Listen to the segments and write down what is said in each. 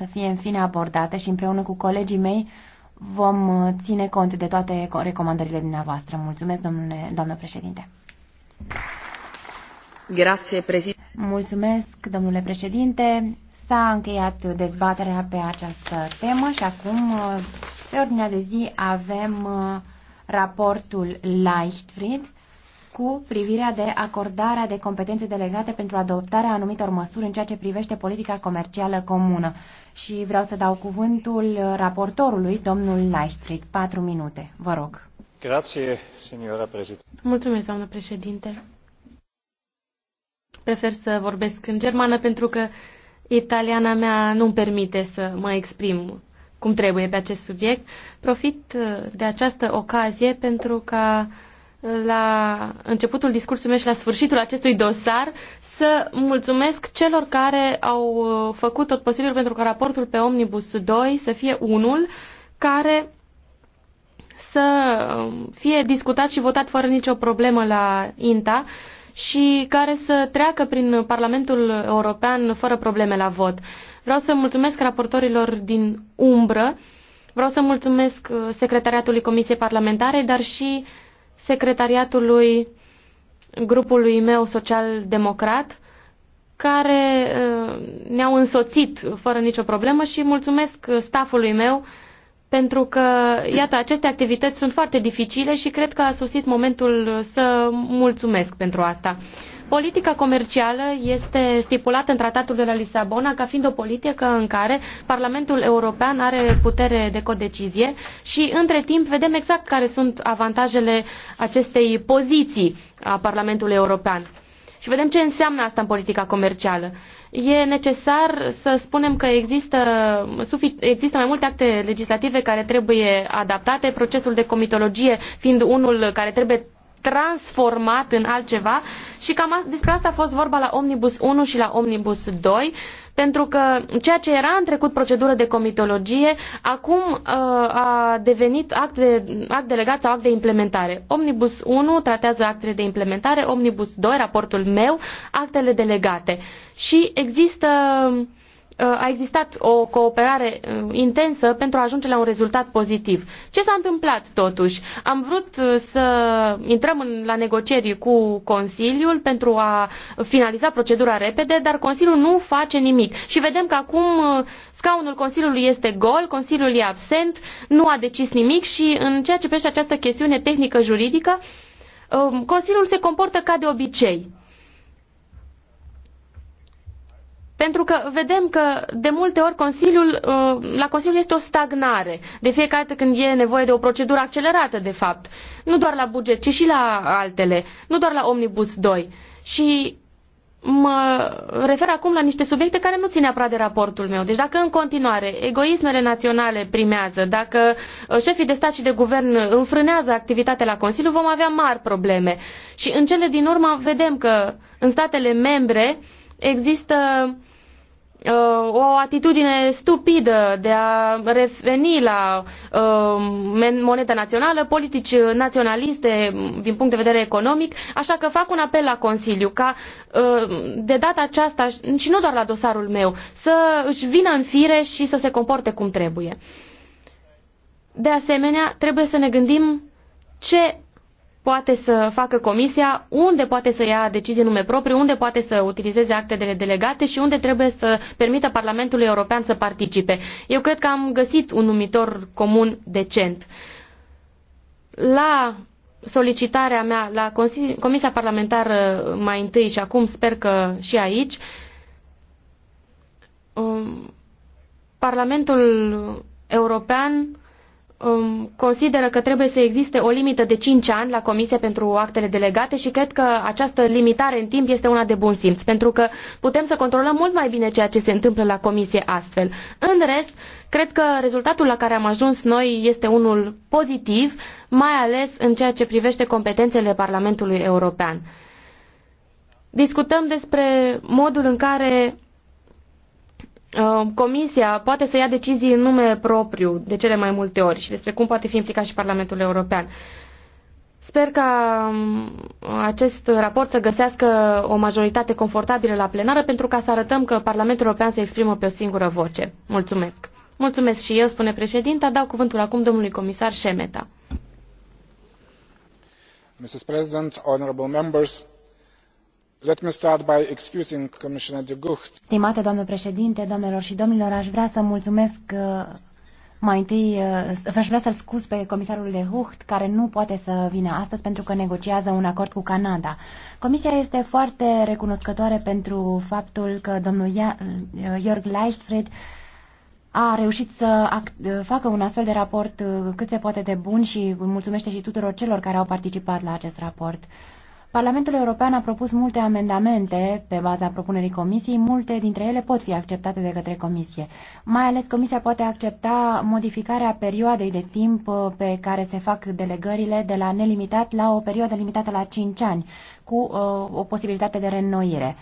să fie în fine abordată și împreună cu colegii mei vom uh, ține cont de toate recomandările dumneavoastră. Mulțumesc, domnule, doamnă președinte. Grație, președinte. Mulțumesc, domnule președinte. S-a încheiat dezbaterea pe această temă și acum, uh, pe ordinea de zi, avem uh, raportul Leichtfried, cu privirea de acordarea de competențe delegate pentru adoptarea anumitor măsuri în ceea ce privește politica comercială comună. Și vreau să dau cuvântul raportorului, domnul Leichtfried. Patru minute, vă rog. Grație, signora președinte. Mulțumesc, doamnă președinte. Prefer să vorbesc în germană pentru că italiana mea nu-mi permite să mă exprim cum trebuie pe acest subiect. Profit uh, de această ocazie pentru ca la începutul discursului meu și la sfârșitul acestui dosar să mulțumesc celor care au uh, făcut tot posibil pentru ca raportul pe Omnibus 2 să fie unul care să um, fie discutat și votat fără nicio problemă la INTA și care să treacă prin Parlamentul European fără probleme la vot. Vreau să mulțumesc raportorilor din umbră, vreau să mulțumesc uh, secretariatului Comisiei Parlamentare, dar și uh, secretariatului grupului meu social-democrat, care uh, ne-au însoțit fără nicio problemă și mulțumesc stafului meu pentru că, iată, aceste activități sunt foarte dificile și cred că a sosit momentul să mulțumesc pentru asta. Politica comercială este stipulată în Tratatul de la Lisabona ca fiind o politică în care Parlamentul European are putere de codecizie și între timp vedem exact care sunt avantajele acestei poziții a Parlamentului European. Și vedem ce înseamnă asta în politica comercială e necesar să spunem că există, există mai multe acte legislative care trebuie adaptate, procesul de comitologie fiind unul care trebuie transformat în altceva și cam despre asta a fost vorba la Omnibus 1 și la Omnibus 2 pentru că ceea ce era în trecut procedură de comitologie, acum uh, a devenit act, de, act delegat sau act de implementare. Omnibus 1 tratează actele de implementare, Omnibus 2, raportul meu, actele delegate. Și există uh, a existat o cooperare uh, intensă pentru a ajunge la un rezultat pozitiv. Ce s-a întâmplat totuși? Am vrut uh, să intrăm în, la negocieri cu Consiliul pentru a finaliza procedura repede, dar Consiliul nu face nimic. Și vedem că acum uh, scaunul Consiliului este gol, Consiliul e absent, nu a decis nimic și în ceea ce privește această chestiune tehnică juridică, Consiliul se comportă ca de obicei Pentru că vedem că de multe ori Consiliul, uh, la Consiliu este o stagnare. De fiecare dată când e nevoie de o procedură accelerată, de fapt. Nu doar la buget, ci și la altele. Nu doar la Omnibus 2. Și mă refer acum la niște subiecte care nu țin neapărat de raportul meu. Deci dacă în continuare egoismele naționale primează, dacă uh, șefii de stat și de guvern înfrânează activitatea la Consiliu, vom avea mari probleme. Și în cele din urmă vedem că în statele membre există uh, Uh, o atitudine stupidă de a reveni la uh, moneda națională, politici naționaliste din punct de vedere economic, așa că fac un apel la Consiliu ca uh, de data aceasta, și nu doar la dosarul meu, să își vină în fire și să se comporte cum trebuie. De asemenea, trebuie să ne gândim ce poate să facă comisia, unde poate să ia decizii nume propriu, unde poate să utilizeze actele delegate și unde trebuie să permită Parlamentului European să participe. Eu cred că am găsit un numitor comun decent. La solicitarea mea la Comisia Parlamentară mai întâi și acum sper că și aici, um, Parlamentul European um, consideră că trebuie să existe o limită de 5 ani la Comisie pentru actele delegate și cred că această limitare în timp este una de bun simț, pentru că putem să controlăm mult mai bine ceea ce se întâmplă la Comisie astfel. În rest, cred că rezultatul la care am ajuns noi este unul pozitiv, mai ales în ceea ce privește competențele Parlamentului European. Discutăm despre modul în care Uh, comisia poate să ia decizii în nume propriu de cele mai multe ori și despre cum poate fi implicat și Parlamentul European. Sper ca um, acest raport să găsească o majoritate confortabilă la plenară pentru ca să arătăm că Parlamentul European se exprimă pe o singură voce. Mulțumesc. Mulțumesc și eu, spune președinta. Dau cuvântul acum domnului comisar Șemeta. President, honorable members, Let me start by excusing Commissioner de Gucht. Stimate doamnă președinte, doamnelor și domnilor, aș vrea să mulțumesc uh, mai întâi, uh, aș vrea să-l scuz pe comisarul de Hucht, care nu poate să vină astăzi pentru că negociază un acord cu Canada. Comisia este foarte recunoscătoare pentru faptul că domnul uh, Jörg Leichtfried a reușit să facă un astfel de raport cât se poate de bun și mulțumește și tuturor celor care au participat la acest raport. Parlamentul European a propus multe amendamente pe baza propunerii Comisiei, multe dintre ele pot fi acceptate de către Comisie. Mai ales Comisia poate accepta modificarea perioadei de timp uh, pe care se fac delegările de la nelimitat la o perioadă limitată la 5 ani, cu uh, o posibilitate de reînnoire.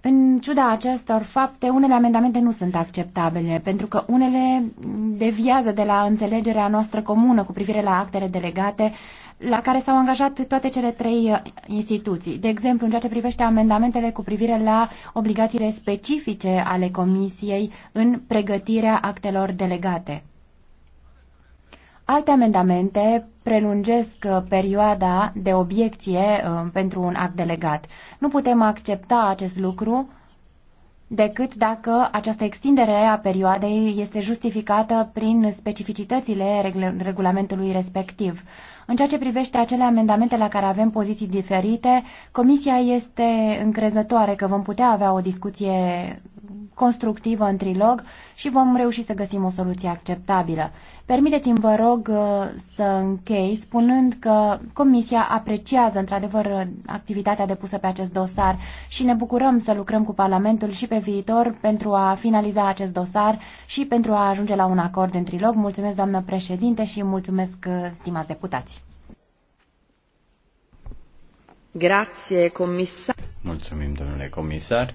În ciuda acestor fapte, unele amendamente nu sunt acceptabile, pentru că unele deviază de la înțelegerea noastră comună cu privire la actele delegate la care s-au angajat toate cele trei uh, instituții. De exemplu, în ceea ce privește amendamentele cu privire la obligațiile specifice ale Comisiei în pregătirea actelor delegate. Alte amendamente prelungesc uh, perioada de obiecție uh, pentru un act delegat. Nu putem accepta acest lucru decât dacă această extindere a perioadei este justificată prin specificitățile regulamentului respectiv. În ceea ce privește acele amendamente la care avem poziții diferite, Comisia este încrezătoare că vom putea avea o discuție constructivă în trilog și vom reuși să găsim o soluție acceptabilă. Permiteți-mi, vă rog, uh, să închei spunând că Comisia apreciază, într-adevăr, uh, activitatea depusă pe acest dosar și ne bucurăm să lucrăm cu Parlamentul și pe viitor pentru a finaliza acest dosar și pentru a ajunge la un acord în trilog. Mulțumesc, doamnă președinte, și mulțumesc, uh, stimați deputați. Grazie, comisar. Mulțumim, domnule comisar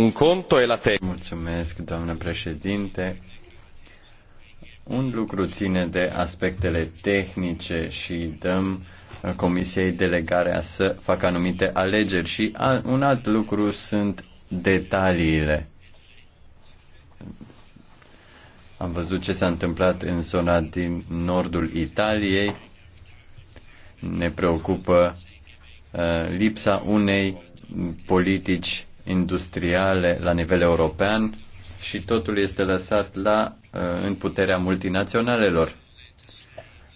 Un conto e la tecnica. Mulțumesc, doamnă președinte. Un lucru ține de aspectele tehnice și dăm Comisiei delegarea să facă anumite alegeri și un alt lucru sunt detaliile. Am văzut ce s-a întâmplat în zona din nordul Italiei. Ne preocupă uh, lipsa unei politici industriale la nivel european și totul este lăsat la, uh, în puterea multinaționalelor.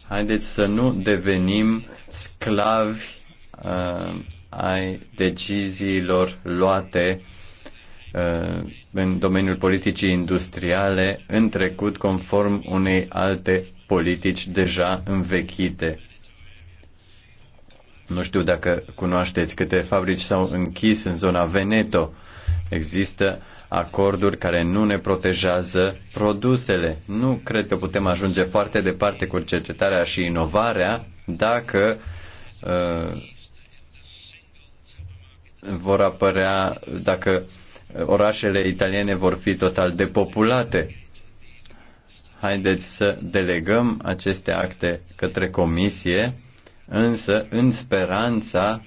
Haideți să nu devenim sclavi uh, ai deciziilor luate uh, în domeniul politicii industriale în trecut conform unei alte politici deja învechite. Nu știu dacă cunoașteți câte fabrici s-au închis în zona Veneto. Există acorduri care nu ne protejează produsele. Nu cred că putem ajunge foarte departe cu cercetarea și inovarea dacă uh, vor apărea, dacă orașele italiene vor fi total depopulate. Haideți să delegăm aceste acte către comisie însă în speranța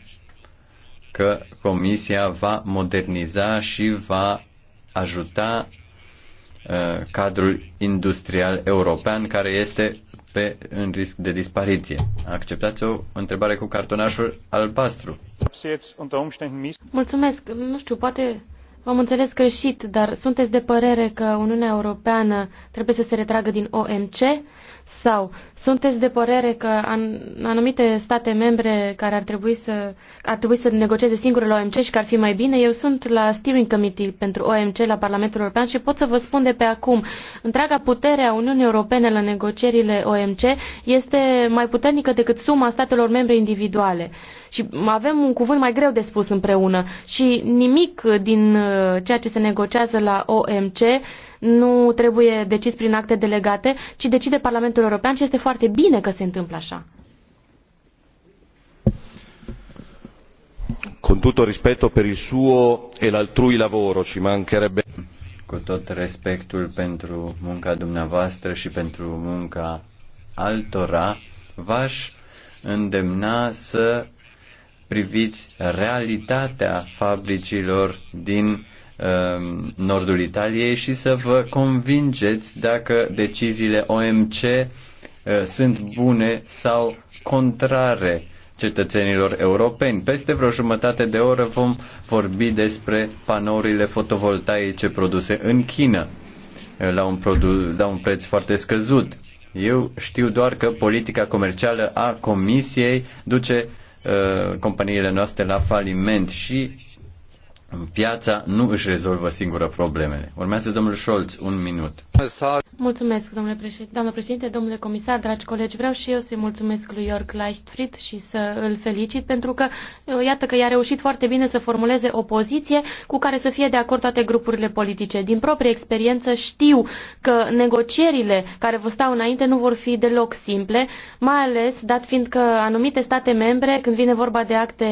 că Comisia va moderniza și va ajuta uh, cadrul industrial european care este pe, în risc de dispariție. Acceptați o întrebare cu cartonașul albastru. Mulțumesc. Nu știu, poate v-am înțeles greșit, dar sunteți de părere că Uniunea Europeană trebuie să se retragă din OMC sau sunteți de părere că an, anumite state membre care ar trebui să, ar trebui să negocieze singure la OMC și că ar fi mai bine? Eu sunt la Steering Committee pentru OMC la Parlamentul European și pot să vă spun de pe acum. Întreaga putere a Uniunii Europene la negocierile OMC este mai puternică decât suma statelor membre individuale. Și avem un cuvânt mai greu de spus împreună. Și nimic din uh, ceea ce se negociază la OMC nu trebuie decis prin acte delegate, ci decide Parlamentul European și este foarte bine că se întâmplă așa. Con tutto rispetto per il suo e l'altrui lavoro, ci mancherebbe. Cu tot respectul pentru munca dumneavoastră și pentru munca altora, v-aș îndemna să priviți realitatea fabricilor din Um, nordul Italiei și să vă convingeți dacă deciziile OMC uh, sunt bune sau contrare cetățenilor europeni. Peste vreo jumătate de oră vom vorbi despre panourile fotovoltaice produse în China uh, la un, produ- la un preț foarte scăzut. Eu știu doar că politica comercială a Comisiei duce uh, companiile noastre la faliment și Piața nu își rezolvă singură problemele. Urmează domnul Scholz, un minut. Mulțumesc, domnule președinte, doamnă președinte, domnule comisar, dragi colegi. Vreau și eu să-i mulțumesc lui York Leichtfried și să îl felicit pentru că, uh, iată că i-a reușit foarte bine să formuleze o poziție cu care să fie de acord toate grupurile politice. Din proprie experiență știu că negocierile care vă stau înainte nu vor fi deloc simple, mai ales dat fiind că anumite state membre, când vine vorba de acte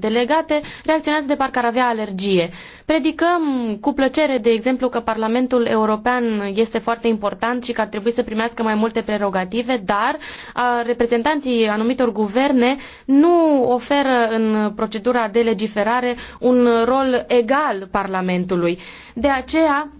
delegate, reacționează de parcă ar avea alergii energie. Predicăm cu plăcere, de exemplu, că Parlamentul European este foarte important și că ar trebui să primească mai multe prerogative, dar a, reprezentanții anumitor guverne nu oferă în procedura de legiferare un rol egal Parlamentului. De aceea,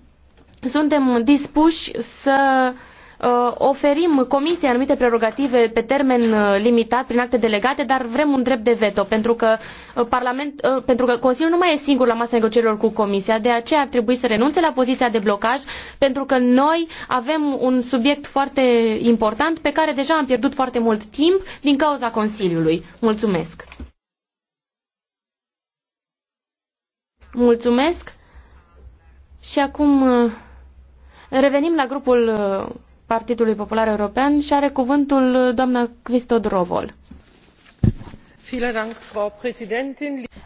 suntem dispuși să uh, Uh, oferim comisiei anumite prerogative pe termen uh, limitat prin acte delegate, dar vrem un drept de veto, pentru că, uh, Parlament, pentru că Consiliul nu mai e singur la masa negocierilor cu Comisia, de aceea ar trebui să renunțe la poziția de blocaj, pentru că noi avem un subiect foarte important pe care deja am pierdut foarte mult timp din cauza Consiliului. Mulțumesc! Mulțumesc! Și acum revenim la grupul Partidului Popular European și are cuvântul doamna Cristodrovol.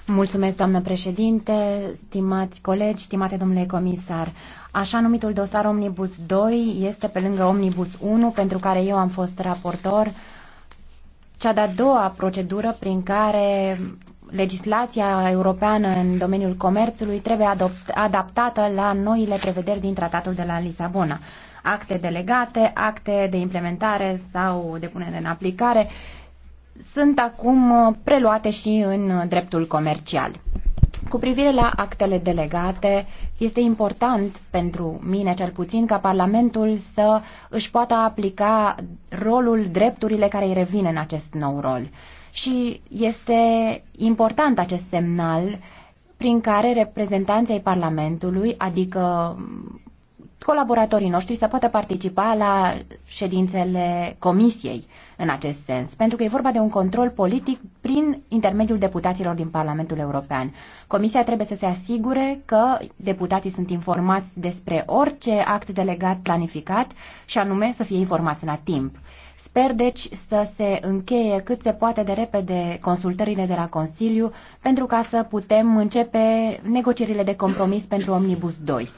Mulțumesc, doamnă președinte, stimați colegi, stimate domnule comisar. Așa numitul dosar Omnibus 2 este pe lângă Omnibus 1, pentru care eu am fost raportor, cea de-a doua procedură prin care legislația europeană în domeniul comerțului trebuie adaptată la noile prevederi din Tratatul de la Lisabona acte delegate, acte de implementare sau de punere în aplicare, sunt acum uh, preluate și în uh, dreptul comercial. Cu privire la actele delegate, este important pentru mine, cel puțin, ca Parlamentul să își poată aplica rolul, drepturile care îi revin în acest nou rol. Și este important acest semnal prin care reprezentanții Parlamentului, adică colaboratorii noștri să poată participa la ședințele comisiei în acest sens, pentru că e vorba de un control politic prin intermediul deputaților din Parlamentul European. Comisia trebuie să se asigure că deputații sunt informați despre orice act delegat planificat și anume să fie informați la timp. Sper deci să se încheie cât se poate de repede consultările de la Consiliu pentru ca să putem începe negocierile de compromis pentru Omnibus 2.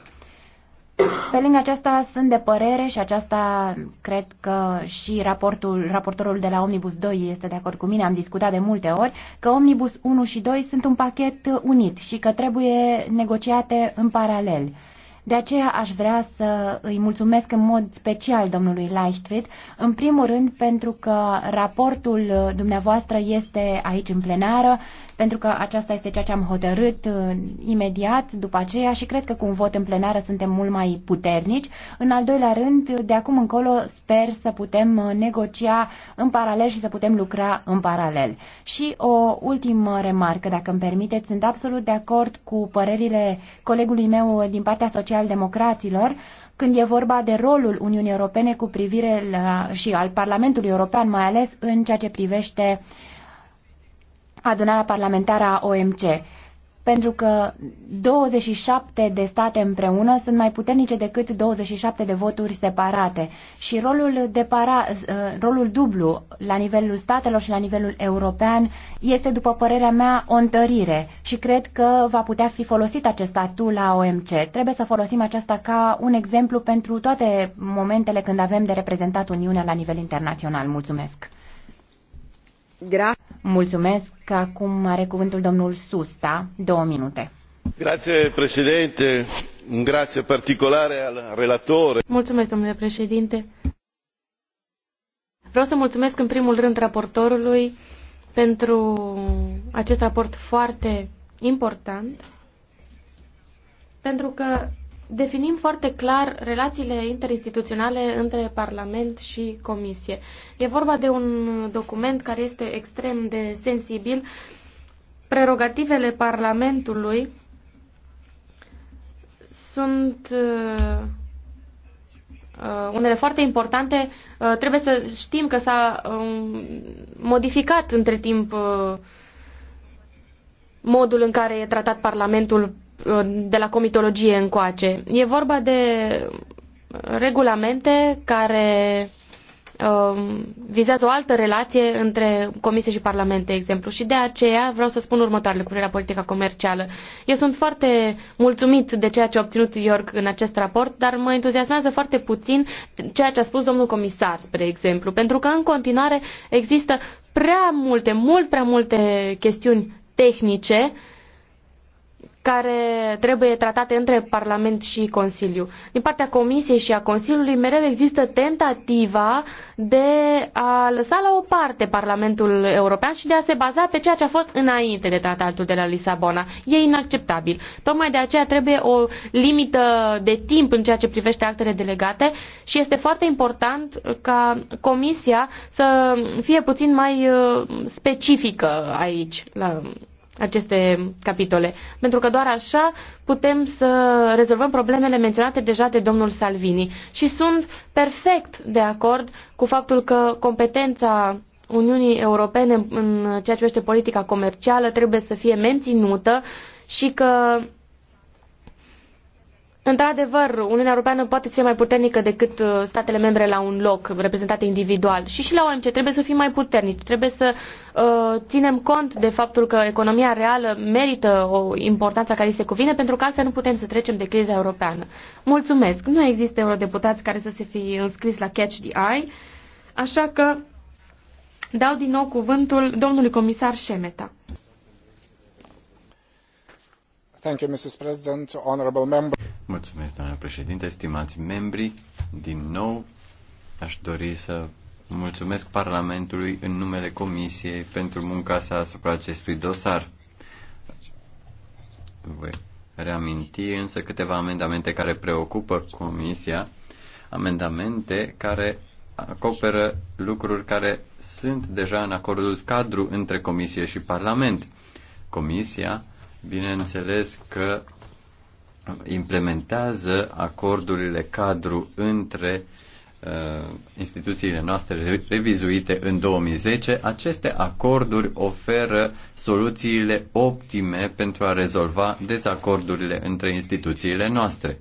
Pe lângă aceasta sunt de părere și aceasta cred că și raportul, raportorul de la Omnibus 2 este de acord cu mine, am discutat de multe ori, că Omnibus 1 și 2 sunt un pachet unit și că trebuie negociate în paralel. De aceea aș vrea să îi mulțumesc în mod special domnului Leichtfried, în primul rând pentru că raportul dumneavoastră este aici în plenară, pentru că aceasta este ceea ce am hotărât uh, imediat după aceea și cred că cu un vot în plenară suntem mult mai puternici. În al doilea rând, de acum încolo sper să putem uh, negocia în paralel și să putem lucra în paralel. Și o ultimă remarcă, dacă îmi permiteți, sunt absolut de acord cu părerile colegului meu uh, din partea social social-democraților, când e vorba de rolul Uniunii Europene cu privire la, și al Parlamentului European, mai ales în ceea ce privește adunarea parlamentară a OMC pentru că 27 de state împreună sunt mai puternice decât 27 de voturi separate și rolul, de para, ă, rolul dublu la nivelul statelor și la nivelul european este, după părerea mea, o întărire și cred că va putea fi folosit acest statut la OMC. Trebuie să folosim aceasta ca un exemplu pentru toate momentele când avem de reprezentat Uniunea la nivel internațional. Mulțumesc! Gra- Mulțumesc! că acum are cuvântul domnul Susta, două minute. Grazie, președinte. Grazie particolare al relatore. Mulțumesc, domnule președinte. Vreau să mulțumesc în primul rând raportorului pentru acest raport foarte important, pentru că definim foarte clar relațiile interinstituționale între Parlament și Comisie. E vorba de un document care este extrem de sensibil. Prerogativele Parlamentului sunt uh, unele foarte importante. Uh, trebuie să știm că s-a uh, modificat între timp uh, modul în care e tratat Parlamentul de la comitologie încoace. E vorba de regulamente care um, vizează o altă relație între Comisie și Parlament, de exemplu. Și de aceea vreau să spun următoarele cu la politica comercială. Eu sunt foarte mulțumit de ceea ce a obținut York în acest raport, dar mă entuziasmează foarte puțin ceea ce a spus domnul comisar, spre exemplu, pentru că în continuare există prea multe, mult prea multe chestiuni tehnice uh, care trebuie tratate între Parlament și Consiliu. Din partea Comisiei și a Consiliului mereu există tentativa de a lăsa la o parte Parlamentul European și de a se baza pe ceea ce a fost înainte de tratatul de la Lisabona. E inacceptabil. Tocmai de aceea trebuie o limită de timp în ceea ce privește actele delegate și este foarte important ca Comisia să fie puțin mai uh, specifică aici la aceste capitole, pentru că doar așa putem să rezolvăm problemele menționate deja de domnul Salvini. Și sunt perfect de acord cu faptul că competența Uniunii Europene în ceea ce privește politica comercială trebuie să fie menținută și că Într-adevăr, Uniunea Europeană poate să fie mai puternică decât uh, statele membre la un loc, reprezentate individual. Și și la OMC trebuie să fim mai puternici, trebuie să uh, ținem cont de faptul că economia reală merită o importanță care îi se cuvine, pentru că altfel nu putem să trecem de criza europeană. Mulțumesc! Nu există eurodeputați care să se fi înscris la Catch the Eye, așa că dau din nou cuvântul domnului comisar Șemeta. Thank you, Mrs. President, honorable members. Mulțumesc, doamnă președinte, stimați membri. Din nou, aș dori să mulțumesc Parlamentului în numele Comisiei pentru munca sa asupra acestui dosar. Voi reaminti însă câteva amendamente care preocupă Comisia, amendamente care acoperă lucruri care sunt deja în acordul cadru între Comisie și Parlament. Comisia, bineînțeles că implementează acordurile cadru între uh, instituțiile noastre revizuite în 2010, aceste acorduri oferă soluțiile optime pentru a rezolva dezacordurile între instituțiile noastre.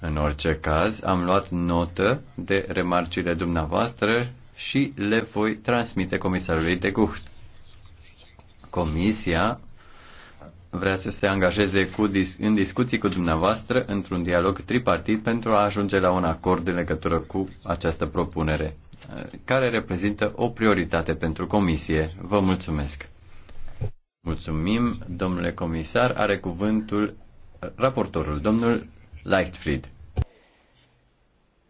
În orice caz, am luat notă de remarcile dumneavoastră și le voi transmite comisarului de guht. Comisia vrea să se angajeze cu, în discuții cu dumneavoastră într-un dialog tripartit pentru a ajunge la un acord în legătură cu această propunere, eh, care reprezintă o prioritate pentru Comisie. Vă mulțumesc! Mulțumim, domnule comisar. Are cuvântul eh, raportorul, domnul Leichtfried.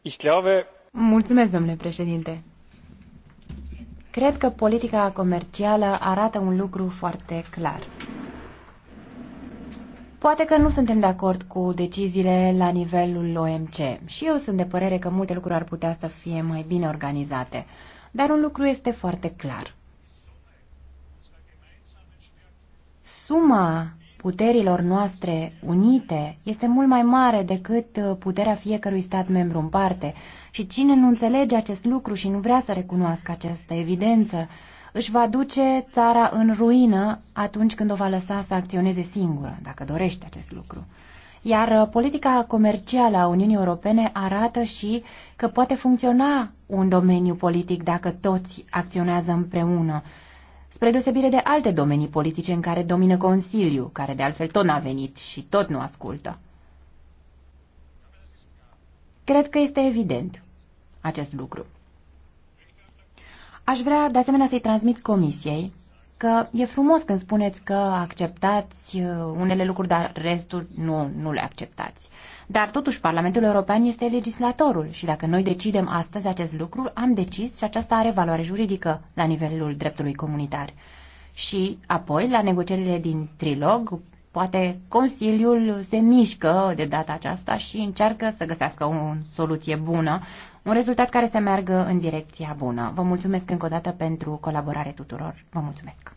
Ich glaube... Mulțumesc, domnule președinte. Cred că politica comercială arată un lucru foarte clar Poate că nu suntem de acord cu deciziile la nivelul OMC și eu sunt de părere că multe lucruri ar putea să fie mai bine organizate, dar un lucru este foarte clar. Suma puterilor noastre unite este mult mai mare decât puterea fiecărui stat membru în parte și cine nu înțelege acest lucru și nu vrea să recunoască această evidență, își va duce țara în ruină atunci când o va lăsa să acționeze singură, dacă dorește acest lucru. Iar uh, politica comercială a Uniunii Europene arată și că poate funcționa un domeniu politic dacă toți acționează împreună, spre deosebire de alte domenii politice în care domină Consiliu, care de altfel tot n-a venit și tot nu ascultă. Cred că este evident acest lucru. Aș vrea de asemenea să-i transmit comisiei că e frumos când spuneți că acceptați uh, unele lucruri, dar restul nu, nu le acceptați. Dar totuși Parlamentul European este legislatorul și dacă noi decidem astăzi acest lucru, am decis și aceasta are valoare juridică la nivelul dreptului comunitar. Și apoi, la negocierile din trilog, poate Consiliul se mișcă de data aceasta și încearcă să găsească o soluție bună un rezultat care să meargă în direcția bună. Vă mulțumesc încă o dată pentru colaborare tuturor. Vă mulțumesc!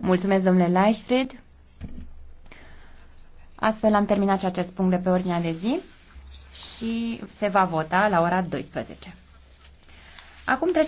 Mulțumesc, domnule Leichfried. Astfel am terminat și acest punct de pe ordinea de zi și se va vota la ora 12. Acum trecem